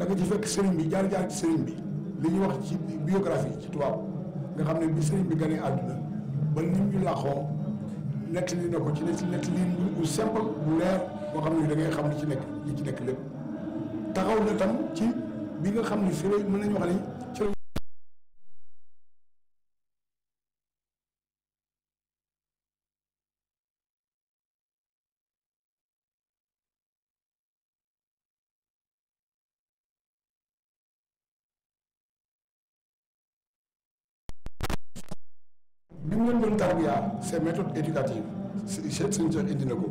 da ci fekk sëriñ bi jaar jaar ci sëriñ bi li ñu wax ci biographie ci tubaab nga xam ne bi sëriñ bi gane àdduna ba nim ñu làqoo nett li na ko ci nett nett lii bu simple bu leer boo xam ne da ngay xam li ci nekk li ci nekk lépp taxaw na tam ci bi nga xam ne fi mën nañu wax ni tarbiya c'est méthode éducative si suñu seex indi na ko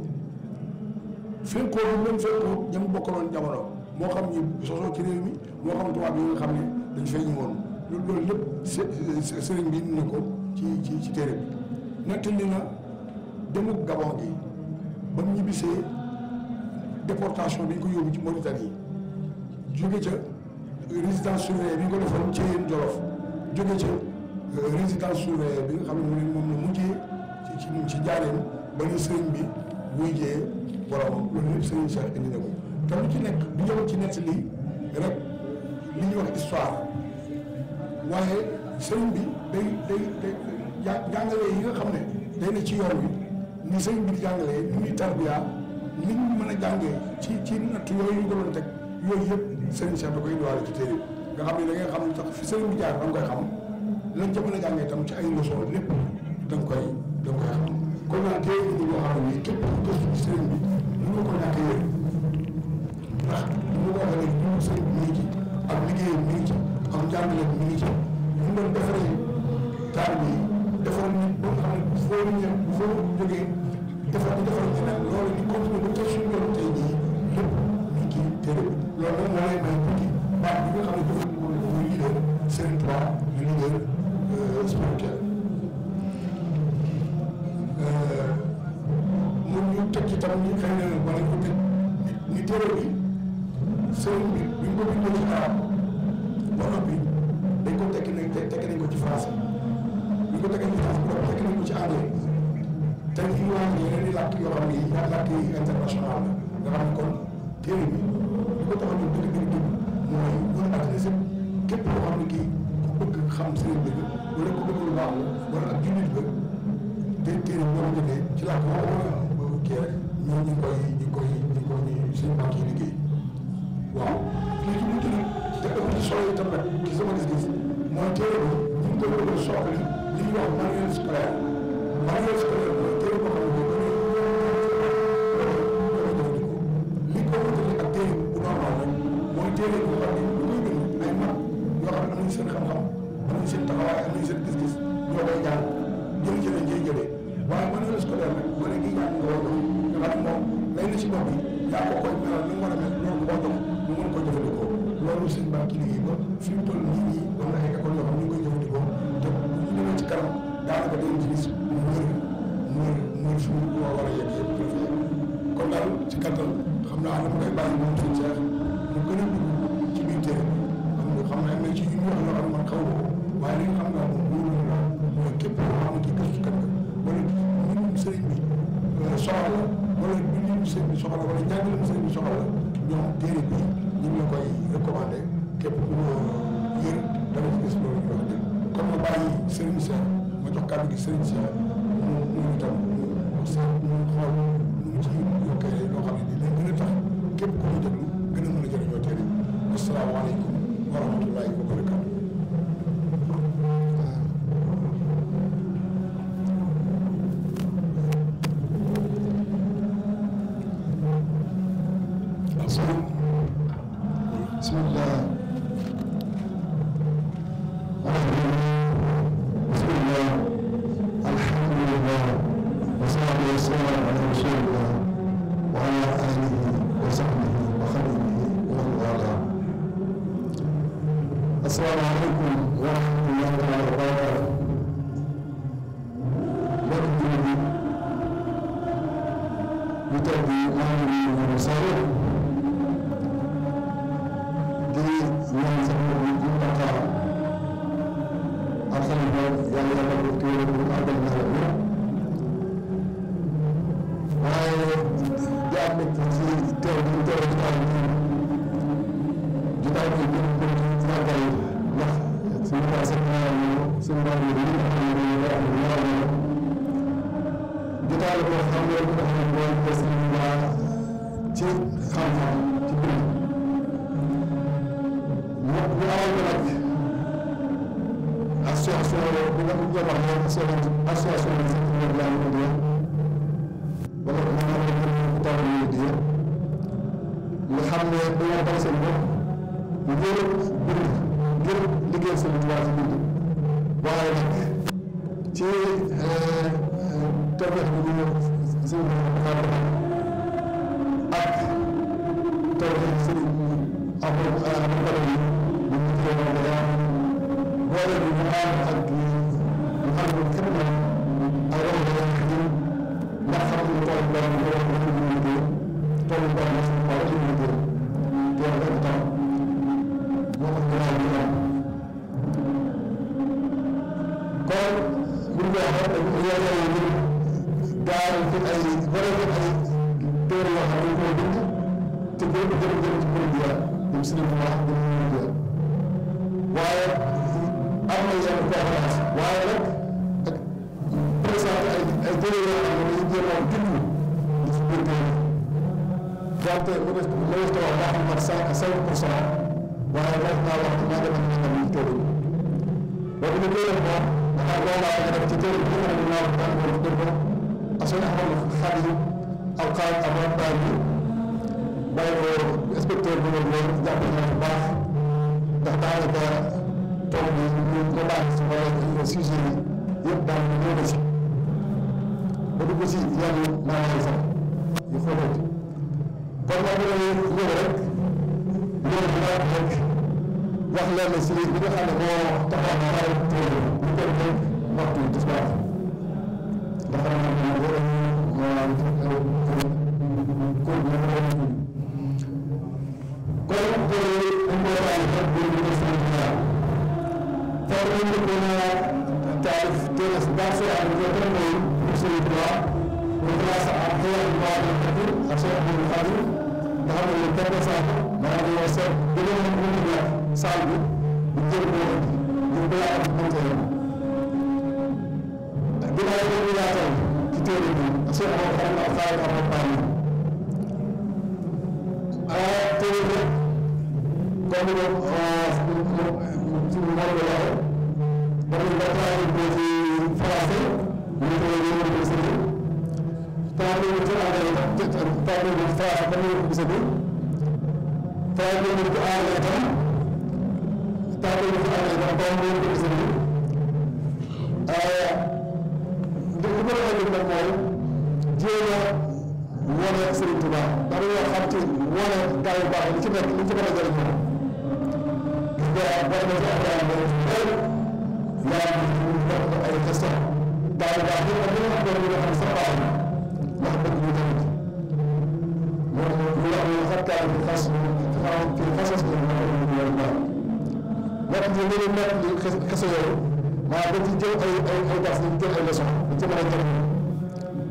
fekk koo mu bokkaloon jamono moo xam ñi sosoo ci réew mi moo xam nga xam ne dañ fay ñëwoon loolu lépp sëriñ bi indi na ko ci ci ci téere bi nettali na demu Gabon gi ba mu ñibbisee déportation bi ñu ko yóbbu ci Mauritanie jóge ca résidence surveillée bi ñu ko defoon ci yéen Jolof jóge ca résidence surveillée bi nga xam ne mu la mujjee ci ci njaareem ba ni sëriñ bi wuy jee borom loolu lépp sëriñ Cheikh indi na ko te ci nekk du ñëw ci li ñuy wax histoire waaye bi day day day jàngalee yi nga xam ne day ne ci yoon wi ni sëriñ bi di jàngalee ni muy tarbiya ni ñu mën a jàngee ci ci natt a ñu ko doon teg yooyu yëpp sëriñ Cheikh da koy indiwaale ci téere nga xam ne da ngay xam ne sax fi sëriñ bi jaar da nga koy xam lañ ca mën a jàngee tam ci ay leçon lépp da nga koy da nga koy xam kon nag tey ñu ñoo xam ne képp ku gëstu ci sëriñ bi mënoo ko ñàkk yéen ndax ko waxee rek sëriñ bi mu ngi ci ak liggéeyam mu ngi ci ak njàngaleem mu ngi ci defaree taal bi defar nit ba nga xam ne foo jógee defar bi defar ñu nag loolu ñu continuer ba tey suñu yoon tey jii républicaine mun ñu tëj itam ñu xëy na wala ñu tëj ñu téere bi sëriñ bi bi ñu ko bindee ci arab ba noppi dañ ko tekki nañ tekki ko ci français bi ñu ko tekkee ko ci anglais te ñu ngi wax yoo xam ne yi international nga xam ne kon téere bi ñu ko tax a ñëw dëgg dëgg dëgg mooy mën a adressé képp koo xam ne kii ku bëgg xam sëriñ bi wala ku bëgg lu baax la wala ak jullit ba te téere boo ko defee ci laa ko war a kii rek ñoom ñu koy ñu koy ñu koy ñu suñu baax yi waaw kii ci mujj nag te ëpp ci solo itam nag ci sama gis mooy téere ba ñu ngi koy bëgg a soxali li ñuy wax manuel scolaire manuel scolaire ko defee mu ne kii ñaar nga war a def moom lay na ci bopp bi yaa ko koy melal ni mu war a mel ko jëfandikoo loolu sëñ Ba ci liggéey ba fi mu toll nii nii ba mu ay école yoo xam ne ñu ngi koy jëfandikoo te bu ñu ci kanam daanaka a yegg yëpp dafa yegg kon daal ci kattan xam naa dama koy soxla wala njàngale mu sëriñ bi soxla la ñoom téere bi ñu ngi la koy recommandé képp ku ko yër dama ci gis loolu ñu wax dëgg kon ma bàyyi sëriñ Cheikh ma jox kàddu gi sëriñ Cheikh bismillah bu amal ko nag association bi nga xam ne moom association bi sax moom laa ko dee ba nga xam ne moom la ñu ko dee nga xam ne dañoo bari seen bopp ngir bind ngir liggéey seen tubaab muslim bu wax dëgg yàlla waaye am na yenn conférence waaye nag ak présenté ay ay jëlee yoo xam ne dañuy jéem a déglu li ci biir tey donte mu def mu def taw baax na mat cinq cinq pour cent waaye wax naa wax dinaa dem ak ñeneen ñu toll donc li koy def moom dafa loolaa nga dem ci jëriñ bi nga xam ne naa wax daan ko def ko ak seen xamal xarit yi ak xaar ak bàyyi ko inspecteur bi nga loolu jàpp na bu baax ndax daanaka tomb yi ñu ko baax si wala sujet yi yëpp daal ñu ñëw na si ba dugg si yàlla naa lay sax yu xóotal kon nag ñu ñëw rek ñëw bu baax rek wax leen si li nga xam ne moo taxaw na raw téere ñu koy def waxtu bi tisbaar ndax xam naa ne moo am kër bi nga xam bind dana taalif téere bu baax soo am ko tam mooy Sëriñ Tuubaa ba classe am xëy na waa Abdul Xadir ak Cheikh Abdul Xadir nga xam ne benn saal maanaam dañoo seet dina mën mu ngi ñàkk saal bi ñu jël ko ñu koy am conseil ginnaaw yi ñu yaatal ci téere bi Cheikh Abdul Xadir ak Xadir Abdul Xadir ah téere bi comme moom moom ci moom la waxee nga traduire ko ci français ñu koy yëngal ko gisati traduire ko ci anglais tam te traduire ko ci français tam yëngal ko gisati traduire ko ci anglais tam traduire ko ci anglais tam tam yëngal ko gisati li li ma la indi nag mooy jéem a wane Serigne Touba dara yoo xam ci wane gaa yu baax li ci nekk li ci mën a jëriñoo gis nga war na ci am yaa ngi dox ko ay gestion daal di baax yëpp dañoo am doom yoo xam ne sax baax na wax dëgg ñu tamit moom ñu wax ne xattaa bi fas xaw ci fasas bi ma ko ñu yor baax nekk ci li nekk li xese yooyu maa da ci jël ay ay ay gas ñu jël ay leçon di ci mën a jël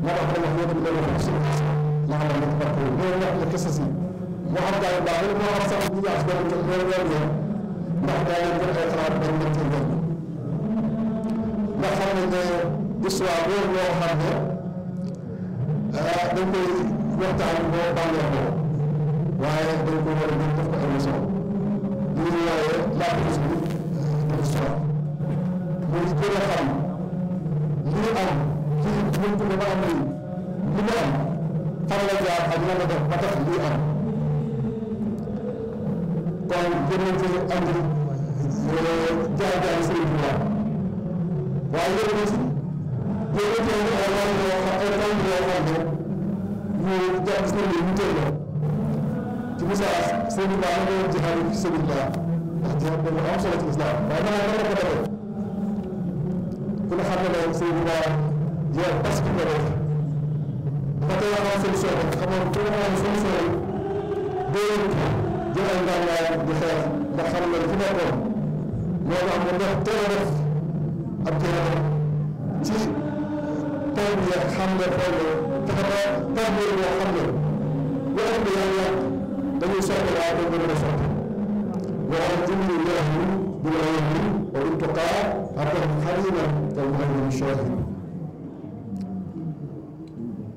moo tax dama wax ne dañu wax suñu maa la nekk barko loolu nekk la xese si moo xam daal baax la moo xam sax ñu yaas doon loolu loolu yoon ndax daa leen jël ay xalaat dañ nekk ci nga xam ne ne histoire boobu loo xam ne ah, dañ koy waxtaan boo bànnee ko waaye dañ ko war a jël def ko ay leçon li ñu wooyee la prise de l'histoire muy gën a xam li am ci mën ko dafa am lii li mu am fan la jaar ak lan la def ba tax lii am kon gën a am jaar jaar sëriñ bi waaye yéen a ngi si yéen a teewlu ay wàllu yoo xam ay tànk yoo xam ne ñu jàpp si ne ñu teel la ci misaas sëñ Ba la doon jihaad fi sabilillah ndax jihaad dafa am solo ci islam waaye man la ko defee ku ne xam ne ne sëñ Ba jihaad parce que def dafa teel a am solution rek xam nga ku ne xam ne solution rek déwén jël ay ngànnaay di xeex ndax xam nga li fi nekkoon loolu am na ndox teel a def ak ci taw bi yàq xam nga taw bi taxaw taw bi yëpp xam nga bu bi yàq yàq dañuy soxla waaye dañ ko mën a soxla waaye jumlu yaramu bi la yëngu wa in tuqaa xatta xarina te mu xam ne shaahin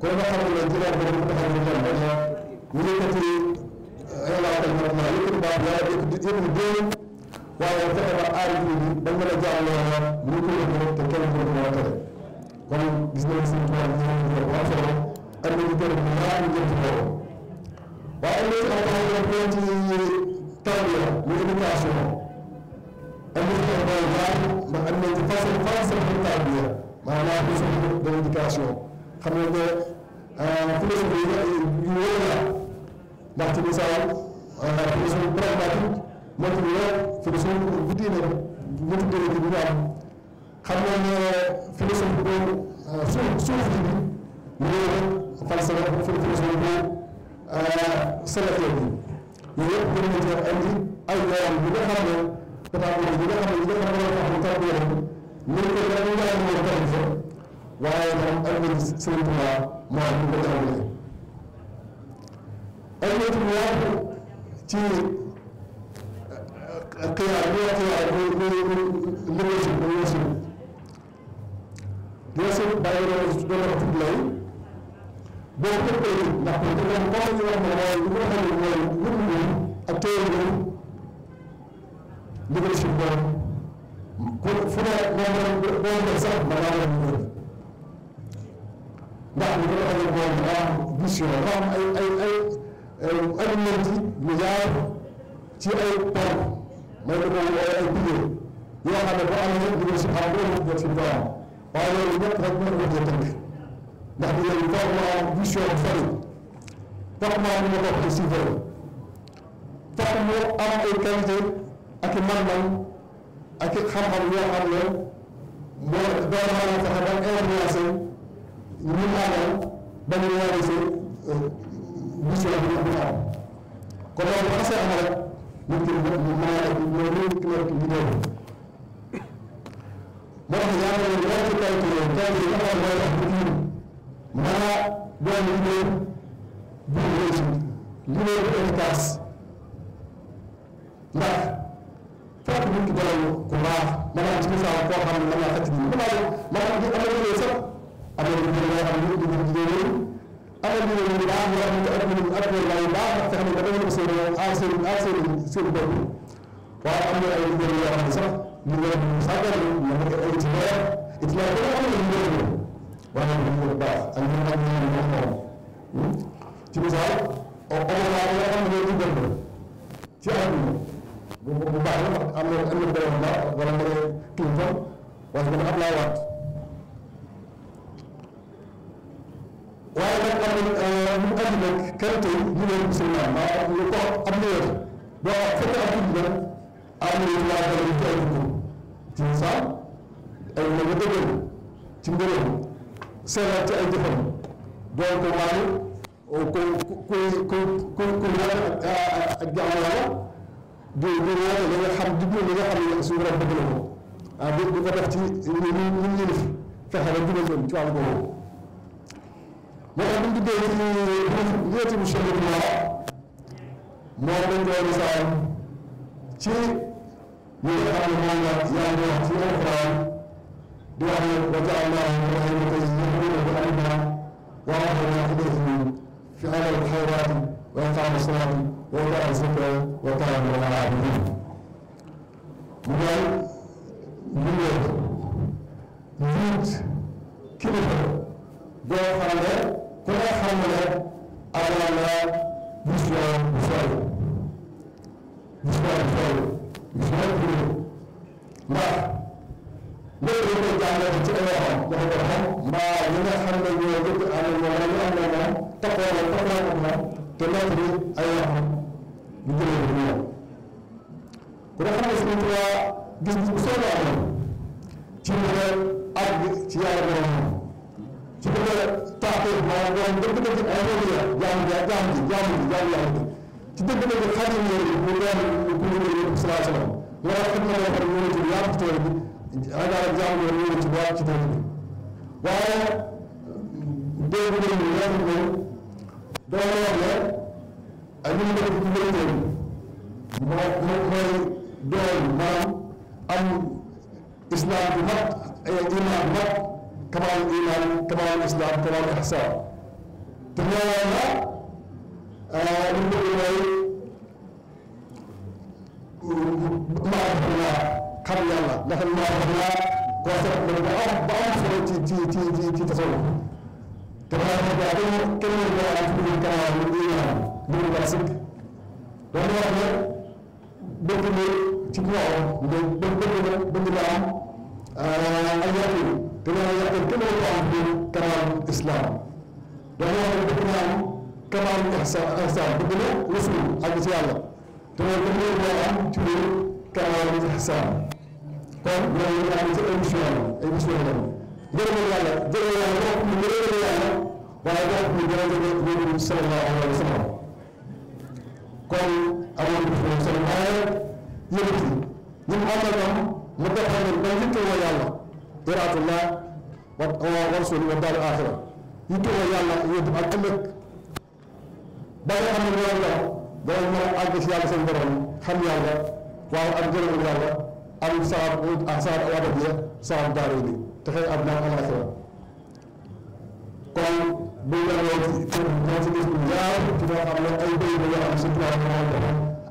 kon nga xam ne jëlaat ba mu taxaw ñu jàmm ñu yëkkati ay laata ñu yëkkati baat yàlla yëkkati yëkkati waaye fexe ba aarif yi dañ mën a jàllale ñu ko yëg te kenn mënu ko war a tere kon gis nañu seen tubaab yi ñu ngi am solo am nañu kër bu ñaari njëkk boobu waaye am na ci ay ay ay ci tarbiya muy éducation am na ci ay ay yaar ma am nañ ci façon façon de tarbiya maanaam façon de éducation xam nga ne philosophie ah, yu wóor la ndax ci misaal philosophie pragmatique moo ci wóor philosophie bu diine ñetti déggee bi ñu am xam nga ne philosophie bu suuf suuf ji bi ñu ngi rek falsafa bu philosophie bu salafé bi ñu yëpp gën a jeex andi ay yoon yi nga xam ne pétanque yi nga xam ne yi nga xam ne yoo xam ne tàbbi yoon ñu ngi koy def ñu ngi leen di tàbbi fa waaye tam am na Sëriñ Tuuba moo am ñu ko tàmbalee. am na ci xiyaar bu wax xiyaar bu bu bu bu wërsëg bu wërsëg wërsëg boo ko tëjee ndax ko te moom boo ñu wax ne waaye li nga xam ne si borom ku fu ne moom boo sax ma laa la ndigal ndax li nga xam ne moom daa am mission daa am ay ay ay ay alimenti milliard ci ay pompe mooy li may wooyee ay diggante yoo xam ne boo amee yëpp dugg si xaw ma loolu jot si borom waaye loolu ñëpp rek mën nga ko tënk ndax di leen toog ma am vision bu fari toog ma am ñu bokk di si bëri toog mu am ay qualité ak i man-man ak i xam-xam yoo xam ne moo doon mën a fexe ba influencé ñu àndal ba ñu réaliser vision euh, bi ñu am kon loolu bu xasee am rek wuute nag ñu may ak ñoom ñëpp ci wàllu liggéey bi. moo tax yaa ngi leen di laaj ci kaw ci loolu jaay bi dafa am loo tax mbaa doon liggéey bu rëy liggéey bu efficace ndax fekk nit ki dalal ku baax maanaam ci misaal koo xam ne da ngaa fekk nit ñi. maanaam am na liggéey sax am na liggéey yoo xam ne dimbali leen bu baax ñu am ak ñu ak ñu baax ndax fexe nañ ba dama seen aar seen aar seen seen bopp waaye am na ay liggéey yoo xam ne sax ñu ngi leen di sàggal ñu ngi ay ci leer it laa gën a am nañu ngeen ko waaye ñu ngi baax ak ñu ak ñu ñu xam ci misaal omo laa nga xam ne ci gën ci àdduna bu bu baax la am na am na benn baax wala nga kii tam wala nga am laa waat waaye nag am na euh, mu andi nag kenn tey ñu maa ko am na yoon boo fekk laa bëri ci ay ay na nga dëggal ci mbërëm seetal ci donc waaye ku ku ku ku ku wér ak jaamu xam digg li na ko ah di ko ci ñu ñu ñu fexe ba jubal ci wàllu boobu tuddee ñu ñetti monsieur le maire moom lañ koy misaal ci ñi nga xam ne moom la yaa ngi wax ci alxuraan di wax ne wa ja'alnaa ibraahiima xaliilan xamiidan wa awhaynaa ilayhi fi'lal xayraati wa iqaama salaati wa iitaa'a zakaati wa kaana lana aabidan mu doon njiit kilifa boo xam ne ku ne xam ne amoon na mission bu sori mission bu sori mission bu sori ndax lépp lu koy jàngale ci ay waxam dafa ko xam mbaa ñi nga xam ne ñoo jëkk am na moom ñu am na moom taxoo na taxoo na moom te nekk bi ay waxam ñu jëlee ko ñoom ku ne xam ne suñu tuwaa gis bu sori amoon ci lu ak ci yàlla borom ci lu taatee maanaam borom dëgg-dëgg ay awliya jaamu ja jaamu ji jaamu ji jaamu yàlla bi ci dëgg-dëgg xadim yooyu mu doon ku ñu yëngu yëpp salaa salaam war a xam na loo xam ne ñoo ci yaatu ci tool bi ragal ak jaamu yooyu ñoo ci waat ci tool bi waaye dégg nga ñu yàgg ko doo wax ne ak ñu nekk ci mbéyteem moo mooy doon maanaam am islam bu mat ay iman bu mat كمال الإيمان كمال الإسلام كمال الإحسان تبنينا نقول معرفة الله xam yàlla ndax maa xam naa concept bi ba am ba am solo ci ci ci ci ci tasawuf te maa xam naa kenn kenn mën naa am lu taxaw lu ñuy ñaan lu ñu war a sikk donc wax ne bëgg na ci ku am bëgg na bëgg na am ay yàlla dañoo yàqal gën a am bi kamaalu islam dañoo wax ne bëgg naa am kamaalu ihsan ihsan bëgg na rasul àgg ci yàlla dañoo bëgg na moo am ci biir kamaalu ihsan kon loolu am ci émission la émission la gërëmal yàlla gërëmal yàlla wax ñu gërëmal yàlla waaye wax kon amoon na fi solo waaye yëkkati ñun am na tam mu doxal ba njëkkee diraatu laa wa wa rasuli wa daal aaxira yu tuxoo yàlla yóbbu ak ëllëg ba nga xam ne loolu la danañ mën a àgg si yàlla seen borom xam yàlla waaw ak gërëm yàlla am sawaab ak sawaab al abadiya sawaab daara yi te xëy am naa alaaxira kon bu ñu la waxee ci ñoo ci gis ñaar ci ñoo xam ne ay béy la yoo xam si tubaab yi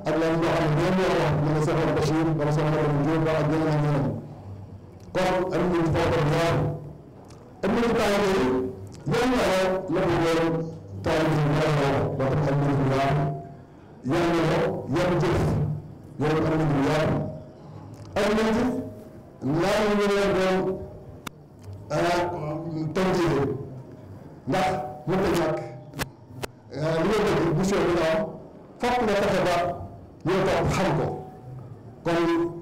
ak lan yoo xam ne ñoom ñoo wax ñu ne Cheikh Bachir wala Cheikh Mamadou Diop wala ak ñeneen ak ñeneen kon am nañu foofu ñaar am nañu taal yi yan la la mu doon taal yi ñaar la ba tax am nañu ñaar yan la yan jëf yan am nañu ñaar am nañu ñaar ñu la doon ah, tënkee ndax mën na ñàkk ah, li nga bëgg bu soo la am fokk nga fexe ba ñoo topp xam ko kon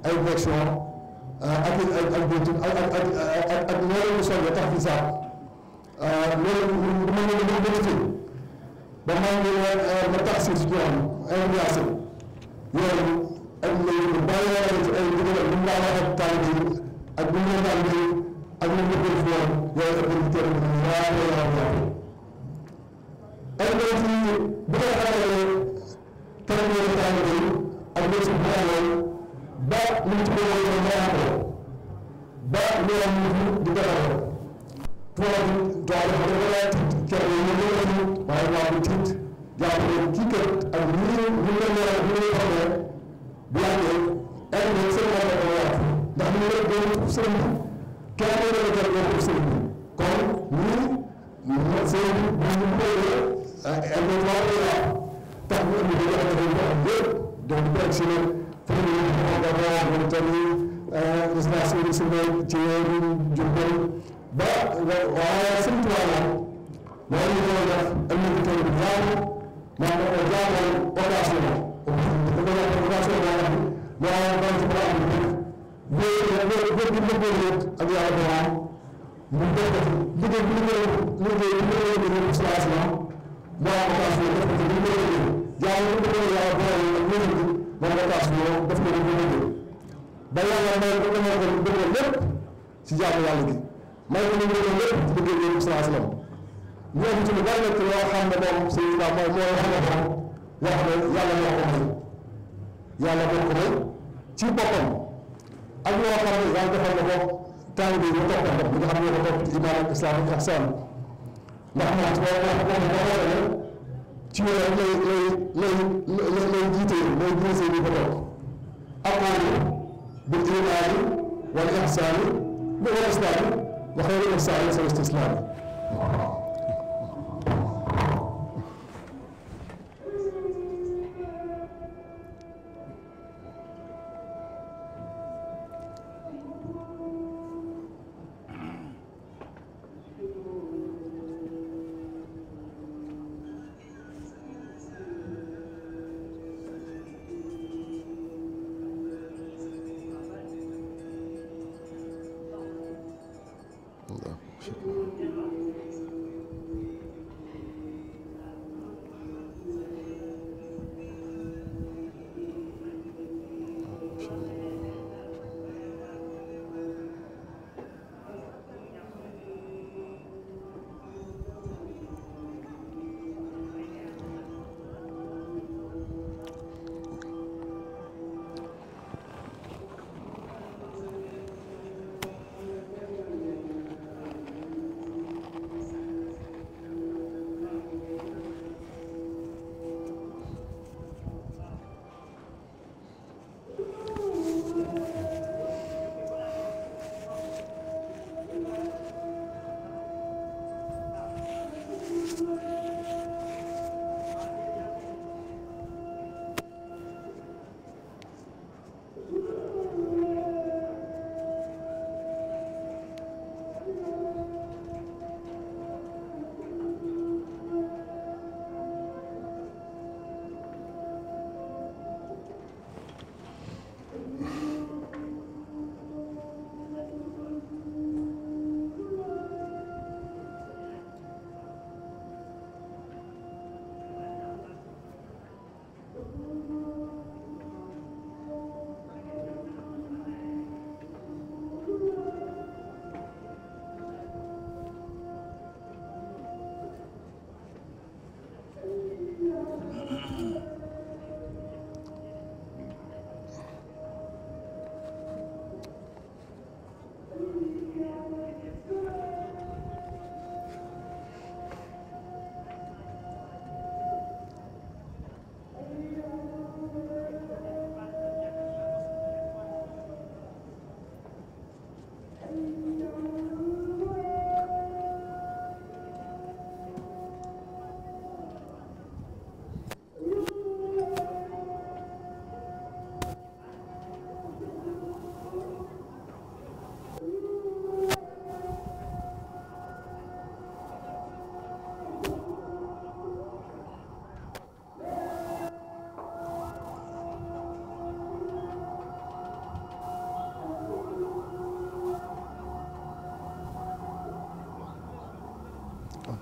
ay version Euh, ak ak ak tax fi sax euh, loolu mën nañu ko bëgg ba maa ngi ma euh, tax si si ay glace loolu ak loolu bàyyi bu laa wax ak taal bi mu laa bi ak lu mu ko fi woon yooyu ak lu teel bu waaw waaw waaw ba liñ ci bëggoon ñu ñaanal ko ba ñu am ñu di defal ko. tubaab bi tubaab bi dafa laaj kër yi ñu mën nañu waaye bi ak ñu ñu ñu leen war a ñu leen war a bu yàggee ay na seen war a ko waat ndax ñu leen doon sëriñ bi kenn mën na kër doon sëriñ bi kon ñii ñu sëriñ bi ñu ñu bëggee ay na tubaab bi tax ñu indi ko ak ñu ko am yëpp donc ñu gis naa suñu si mbéy ci wéeru Jurbel ba waaye Sëriñ Tuubaa la loolu ñu doon def am na tey bu jaamu maa ngi ko jaamal occasion dafa doon wax occasion boo xam ne waaye man ci bala am dëkk wéer wéer wéer bi lëggee yëpp ak yàlla borom mu def ko liggéey bi liggéey liggéey bi liggéey bi liggéey ci laas la moo am occasion def ko ci liggéey bi jaamu liggéey yàlla borom ak wéer bi man la taas boobu daf ko def ba ba yàlla may ko ko bëggoon lépp si jaamu yàlla gi may ko ñu bëggoon lépp si bëggoon yëpp si aslam ñu am ci lu bari nag loo xam ne moom sëñ Tuubaa mooy moo wax na ko wax ne yàlla moo ko may yàlla moo ko may ci boppam ak loo xam ne yàlla defal na ko temps bi ñu topp ko bi nga xam ne ko topp ci imaan ak islam ak ihsaan ndax moom boo ko waxee boo ko waxee ci yooyu lay lay lay lay lay jiitee lay jiitee ñu ko toog amoon bil imaani wal ihsaani bi wal islaami wa xayri ihsaani sa istislaami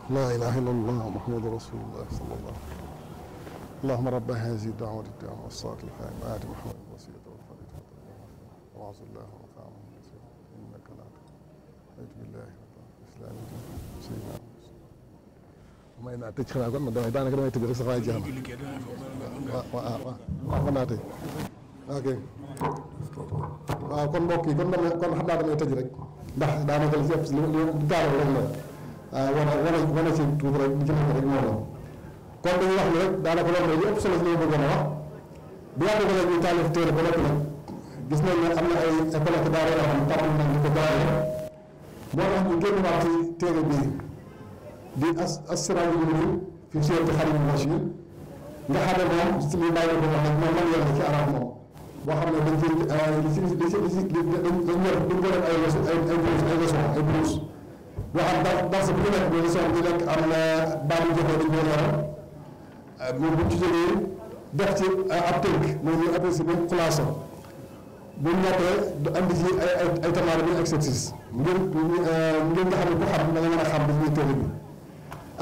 لا إله إلا الله محمد رسول الله صلى الله عليه وسلم اللهم رب هذه الدعوة التامة والصلاة القائمة آت محمد الوسيلة والفضيلة وأعوذ الله ونفعنا إنك لا أعوذ بالله الإسلام سيدنا may naa tëj xanaa kon man damay daanaka damay tëj rek sax waaye jeex na waaw waaw mën naa tëj ok waaw kon mbokk yi kon damay kon xam naa damay tëj rek ndax daanaka li ci ëpp li li daanaka rek la wane wane wane si tuuti rek li ci nekk rek moo doon kon dañuy wax ni rek daanaka loolu mooy li ëpp solo si li ñu bëggoon a wax bu yàgg ko nag ñu taalif téere ba noppi nag gis nañ ne am na ay école ak daara yoo xam ne tàmm nañ di ko jaayee moo tax ñu génn waat ci téere bi di as asiraayu bi ñu fi ci yëpp xarit Bachir nga xam ne moom si li bàyyi ko moom nag moom man yàlla ci arab moom boo xam ne dañ ci li ci li ci li ci dañ dañ dañ ay ay ay ay ay waxaat ndax ndax sa euh, bu ñu nekk nii soo bu nekk am na baalu joxee dañ koy leeral moom bu ci jógee def ci euh, ab tënk moom ñu apprécié bi xulaasa bu ñu noppee du andi ci ay ay ay tamaara bi exercice ngir ngir nga xam ne ku xam da nga mën a xam dañuy tënk bi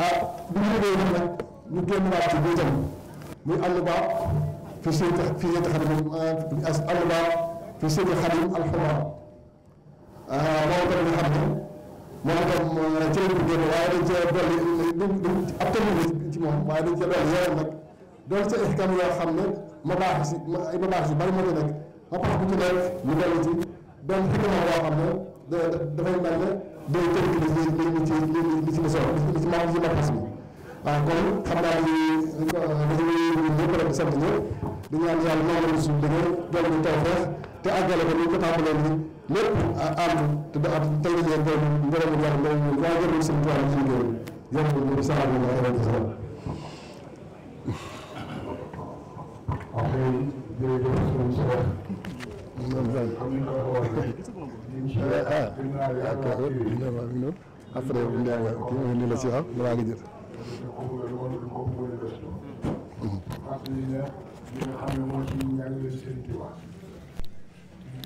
ah bu ñu jógee nag nag ñu génn waat ci biitam muy àll ba fi seeti fi seeti xadim àll ba fi seeti xadim alxuraan ah, boobu tamit nga xam ne moom itam ci lañ ko génne waaye dañ cee dolli du du ci moom waaye dañ cee dolli yeneen nag doon ca ihkam yoo xam ne ma baax si ma ma baax yu bari moo ci nekk ma baax bu ci nekk ñu dolli ci doon ne da dafay mel ne day tënk li ci li ci li ci li ci li ci kon xam naa ni dañuy ñëpp rek sant ñëpp di ñaan yàlla moom la suñu liggéey doon ñu taw te àggale ko ni ñu ko lépp à ànd te da am tënk ngeen koy ngërëm yàlla mooy ñun waa gërëm seen toile ci liggéey yàlla ñu saxal ñu ay rajo saxal. waaw kay jërëjëf sëñ Cheikh. moom daal xam nga ko waxee. incha allah dinaa leen wax kii bi incha allah dinaa après Ndiaye nga kii nga ni la si waaw balaa nga jël. parce que li nga xam ne moo ci njàngale Sëriñ Tuubaa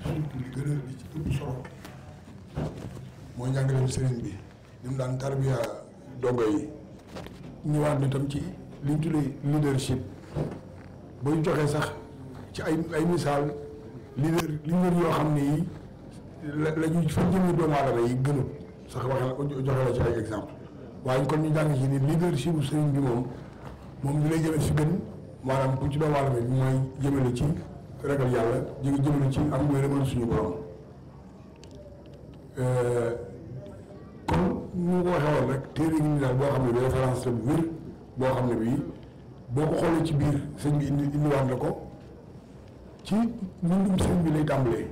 li gën a li ci ëpp solo mooy njàngaleem sëriñ bi ni mu daan tarbiya dongo yi ñëwaat na tam ci liñ tuddee leadership booy joxe sax ci ay ay misaal leader leader yoo xam ne yi la la ñuy fa jëmee doomu aadama yi gënut sax waxe la joxe la ci ay exemple waaye kon ñu jàng ci ni leadership sëriñ bi moom moom li lay jëme fi gën maanaam ku ci doomu aadama bi mooy jëmale ci ragal yàlla ñu ngi ci am ngërëmal suñu borom euh, comme ni ma ko waxee rek téere ngi daal boo xam ne bi boo xam ne bii boo ko xoolee ci biir sëñ bi indi indiwaat la ko ci mbindum sëñ bi lay tàmbalee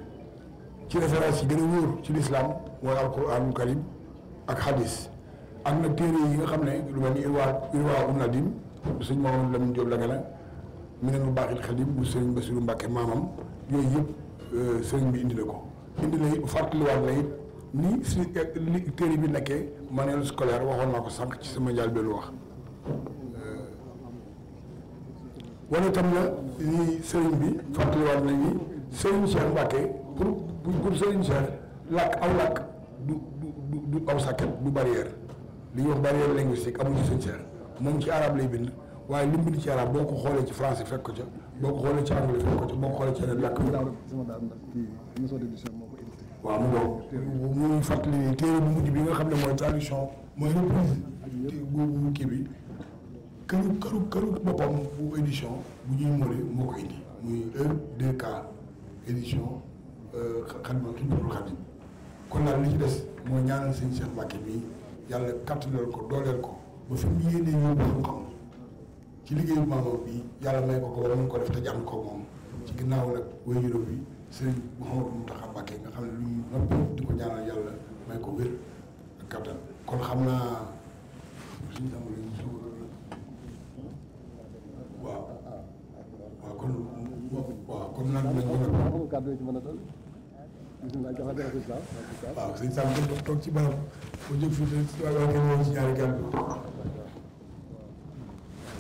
ci référence yi gën a wóor ci lislaam mooy alquraanul karim ak hadis am na téere yi nga xam ne lu mel ni irwaa irwaa um nadim sëñ Mamadou Lamine Diop la nga mi ne nu baaxil xel yi bu sëriñ Basiru Mbàkke maamam yooyu yëpp euh, sëriñ bi indi na ko indi la it fàttaliwaat la it ni si li bi nekkee manuel scolaire waxoon naa ko sànq ci sama njaal beelu wax euh, tam la ni bi fàttaliwaat na ni sëriñ Cheikh Mbàkke pour pour sëriñ Cheikh làkk aw làkk du du du aw sàkket du barrière li ñuy wax barrière linguistique amul sëriñ Cheikh moom ci arab lay bind waaye li mu bind ci boo ko xoolee ci français fekk ko ca boo ko xoolee ci anglais fekk ko ca boo ko xoolee ci yeneen làkk waaw mu ngo mu ngi fàttali téere bu mujj bi nga xam ne mooy traduction mooy reprise bu kii bi këru këru këru boppam bu édition bu ñuy moolee moo ko indi muy E2K édition xadima Xidmatul Xadim kon daal li ci des mooy ñaanal sëñ Cheikh Mbacke bi yàlla kattanal ko dooleel ko ba fi mu yéenee yóbbu xam-xam ci liggéeyu maamam bi yàlla may ko ko ba mën ko def te jàng ko moom ci ginnaaw nag wéy juróom bi Serigne Mouhamadou Mountakha Mbacké nga xam ne lu ñu nopp di ko ñaanal yàlla may ko wér ak kattan kon xam naa suñu amul lu waaw waaw kon waaw kon nag nañ mën a waaw sëñ Sam toog ci barab bu jóg fii si wàllu ci ñaari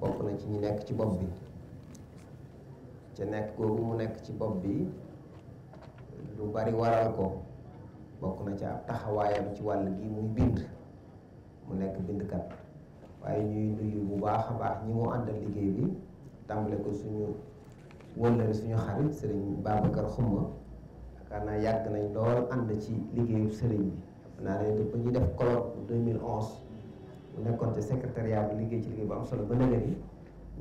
bokk na ci ñi nekk ci bopp bi ca nekk googu mu nekk ci bopp bi lu bari waral ko bokk na ci ab taxawaayam ci wàll gi muy bind mu nekk bindkat waaye ñuy nuyu bu baax baax ñi mu àndal liggéey bi tàmbale ko suñu wëllëri suñu xarit sëriñ Babacar Xumma yaakaar naa yàgg nañ lool ànd ci liggéeyu sëriñ bi naa ne dëpp ñu def colloque 2011 mu nekkoon ci secrétariat bi liggéey ci liggéey bu am solo ba léegi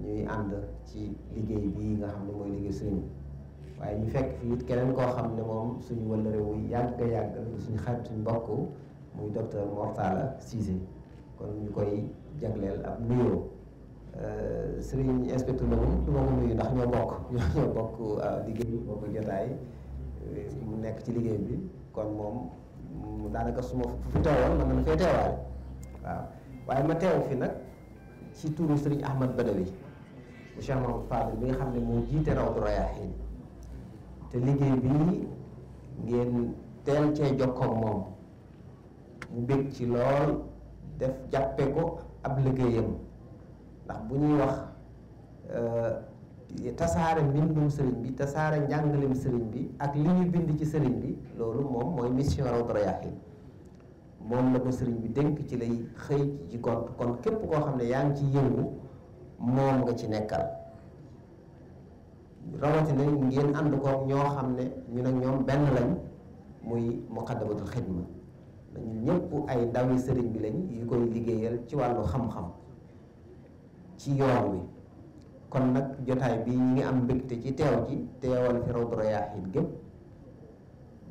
ñuy ànd ci liggéey bi nga xam ne mooy liggéey suñu waaye ñu fekk fii it keneen koo xam ne moom suñu wëllëre wu yàgg yàgg suñu xarit suñu mbokk muy docteur Mortala Cissé kon ñu koy jagleel ab nuyoo euh, sëriñ inspecteur moom du ma ko nuyu ndax ñoo bokk ñoo bokk euh, liggéey bokk jotaay euh, mu nekk ci liggéey bi kon moom daanaka su ma fu teewal man na fee teewaale waaw waaye ma teew fi nag ci turu Serigne Ahmad Badawi mu Cheikh Mahamadou bi nga xam ne moo jiite Rawdu Rayaahiin te liggéey bi ngeen teel cee jokkoog moom mu bég ci lool def jàppe ko ab liggéeyam ndax bu ñuy wax euh, tasaare mbindum sëriñ bi tasaare njàngalem sëriñ bi ak li ñu bind ci sëriñ bi loolu moom mooy mission Rawdu Rayaahiin moom la ko sëriñ bi dénk ci lay xëy ci gont kon képp koo xam ne yaa ngi ci yëngu moom nga ci nekkal rawatina ngeen ànd koog ñoo xam ne ñu nag ñoom benn lañ muy muqaddamatul xidma dañu ñëpp ay ndawi sëriñ bi lañ yu koy liggéeyal ci wàllu xam-xam ci yoon wi kon nag jotaay bi ñu ngi am mbégte ci teew ji teewal fi rawdu rayaahiin gépp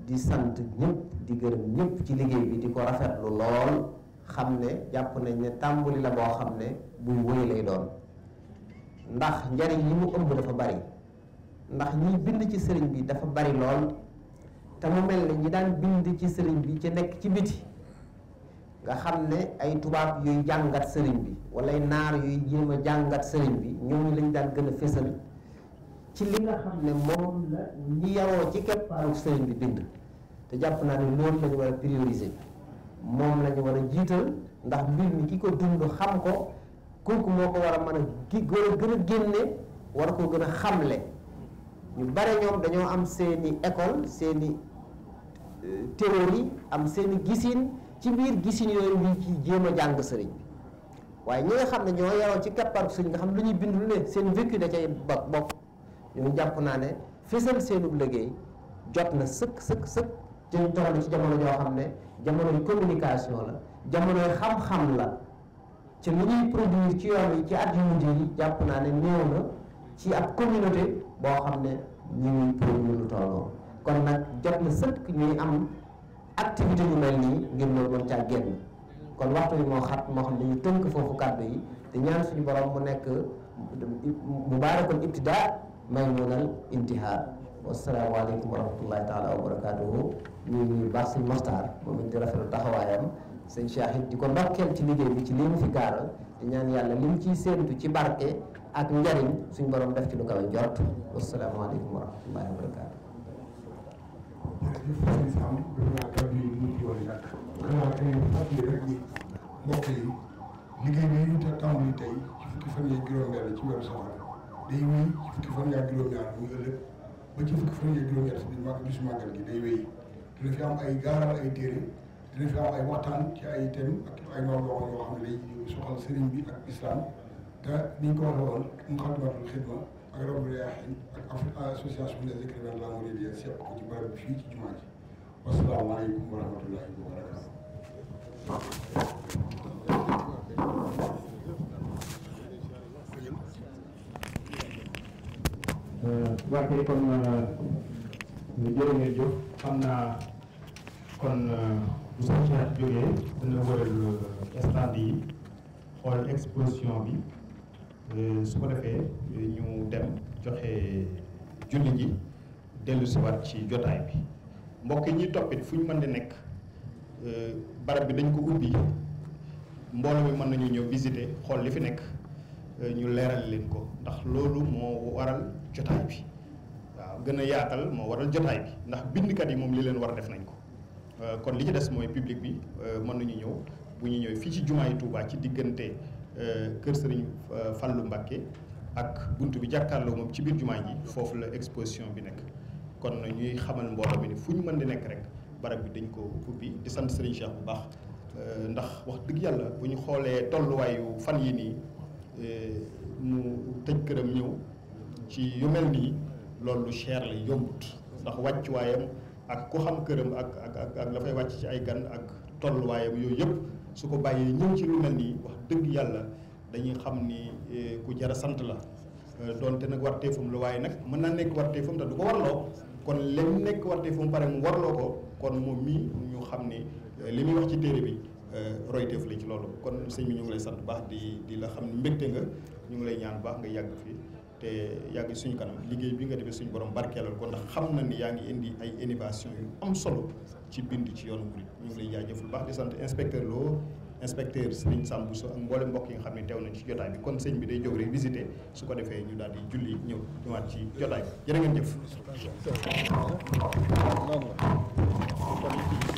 di sant ñëpp di gërëm ñëpp ci liggéey bi di ko rafetlu lool xam ne jàpp nañ ne tàmbali la boo xam ne bu wéy lay doon ndax njariñ li mu ëmb dafa bari ndax ñiy bind ci sëriñ bi dafa bari lool te mu mel ne ñi daan bind ci sëriñ bi ci nekk ci biti nga xam ne ay tubaab yuy jàngat sëriñ bi wala ay naar yuy jéem a jàngat sëriñ bi ñooñu lañu daan gën a fésal ci li nga xam ne moom la ñi yaroo ci keppaaru sëriñ bi bind te jàpp naa ne loolu la war a prioriser moom la ñu war a jiital ndax mbir mi ki ko dund xam ko kooku moo ko war a mën a gi gën a gën a génne war ko gën a xamle ñu bare ñoom dañoo am seeni école seeni euh, théorie am seeni gisin ci biir gisin yooyu ñu ci jéem a jàng sëriñ bi waaye ñi xam ne ñoo yaroo ci keppaaru sëriñ nga xam lu ñuy bind lu ne seen vécu da cay bokk ñoom jàpp naa ne fésal seenub liggéey jot na sëkk sëkk sëkk te ñu ci jamono joo xam ne jamonoy communication la jamonoy xam-xam la ci lu ñuy produire ci yoon yi ci at yi jàpp naa ne néew na ci ab communauté boo xam ne ñu ngi produire lu tolloo kon nag jot na sëkk ñuy am activité yu mel nii ngir loolu mën caa génn kon waxtu bi moo xat moo xam ne ñu tënk foofu kàddu yi te ñaan suñu borom mu nekk mu baarakoon ibtidaa maymunal intihaar wasalaamaaleykum wa rahmatullahi taala wa barakaatuhu ñu ngi baax sëñ Maxtaar moom it di rafetlu taxawaayam sëñ Cheikh it di ko ndokkeel ci liggéey bi ci lii mu fi gaaral te ñaan yàlla li mu ciy séentu ci barke ak njariñ suñ borom def ci lu kawe jort wasalaamaaleykum wa rahmatullahi wa barakaatuhu. ci fukki fan yi day wéy fukki fan yaa juróom-ñaar muy ëllëg ba ci fukki fan yaa juróom-ñaar si biir màgg bisu màggal gi day wéy dina fi am ay gaaral ay téere dina fi am ay waxtaan ci ay thème ak ay noor yoo yoo xam ne day soxal sëriñ bi ak islam te ni ñu ko waxee woon Muxaddamatul Xidma ak Rawdu Rayaahiin ak Afrique association des écrivains de la Mouridiyya seq ko ci barab bi fii ci jumaa ji wasalaamaaleykum wa rahmatullahi wa barakatuh barke kon jërë ngeen jëf xam naa kon euh, bu sa xeet jógee dina wëral euh, stand exposition bi euh, su ko defee ñu dem joxe julli ji dellu siwaat ci jotaay bi mbokk yi ñuy toppit fu ñu mën di nekk barab bi dañ ko ubbi mbooloo mi mën nañu ñëw visiter xool li fi nekk ñu leeral leen ko ndax loolu moo waral jotaay bi waaw gën a yaatal moo waral jotaay bi ndax bindkat yi moom li leen war a def nañ ko euh, kon li ci des mooy public bi euh, mën nañu ñëw bu ñu ñëwee fii ci jumaa yi Touba ci diggante euh, kër sëriñ Serigne lu Mbacké ak bunt bi jàkkaarloo moom ci biir jumaa ji foofu la exposition bi nekk kon ñuy xamal mbooloo mi ni fu ñu mën di nekk rek barab bi dañ ko ubbi di sant Serigne Cheikh bu baax ndax wax dëgg yàlla bu ñu xoolee tolluwaayu fan yi nii mu tëj këram ñëw ci yu mel nii loolu lu cher la yombut ndax wàccuwaayam ak ku xam këram ak ak ak ak la fay wàcc ci ay gan ak tolluwaayam yooyu yëpp su ko bàyyee ñëw ci lu mel nii wax dëgg yàlla dañuy xam ni eh, ku jara sant la eh, doonte nag warteefam la waaye nag mën naa nekk warteefam te du ko warloo kon leen nekk warteefam pare mu warloo ko kon moom mii ñu xam ni eh, li muy wax ci téere bi royteef la ci loolu kon sëñ bi ñu ngi lay sant baax di di la xam ne mbégte nga ñu ngi lay ñaan baax nga yàgg fii te yàgg ngi suñu kanam liggéey bi nga defee suñu borom barkeelal ko ndax xam na ni yaa ngi indi ay innovation yu am solo ci bind ci yoonu murid ñu ngi lay jaajëfal baax di sant inspecteur Lo inspecteur Serigne Samb Bousso ak mboolem mbokk yi nga xam ne teew nañ ci jotaay bi kon sëñ bi day jóg rek visité su ko defee ñu daal di julli ñëw ñëwaat ci jotaay bi jërë ngeen jëf.